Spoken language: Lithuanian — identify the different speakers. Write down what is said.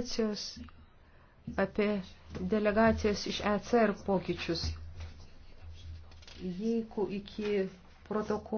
Speaker 1: delegacijos, apie delegacijas iš ECR pokyčius. Jeigu iki protokolo.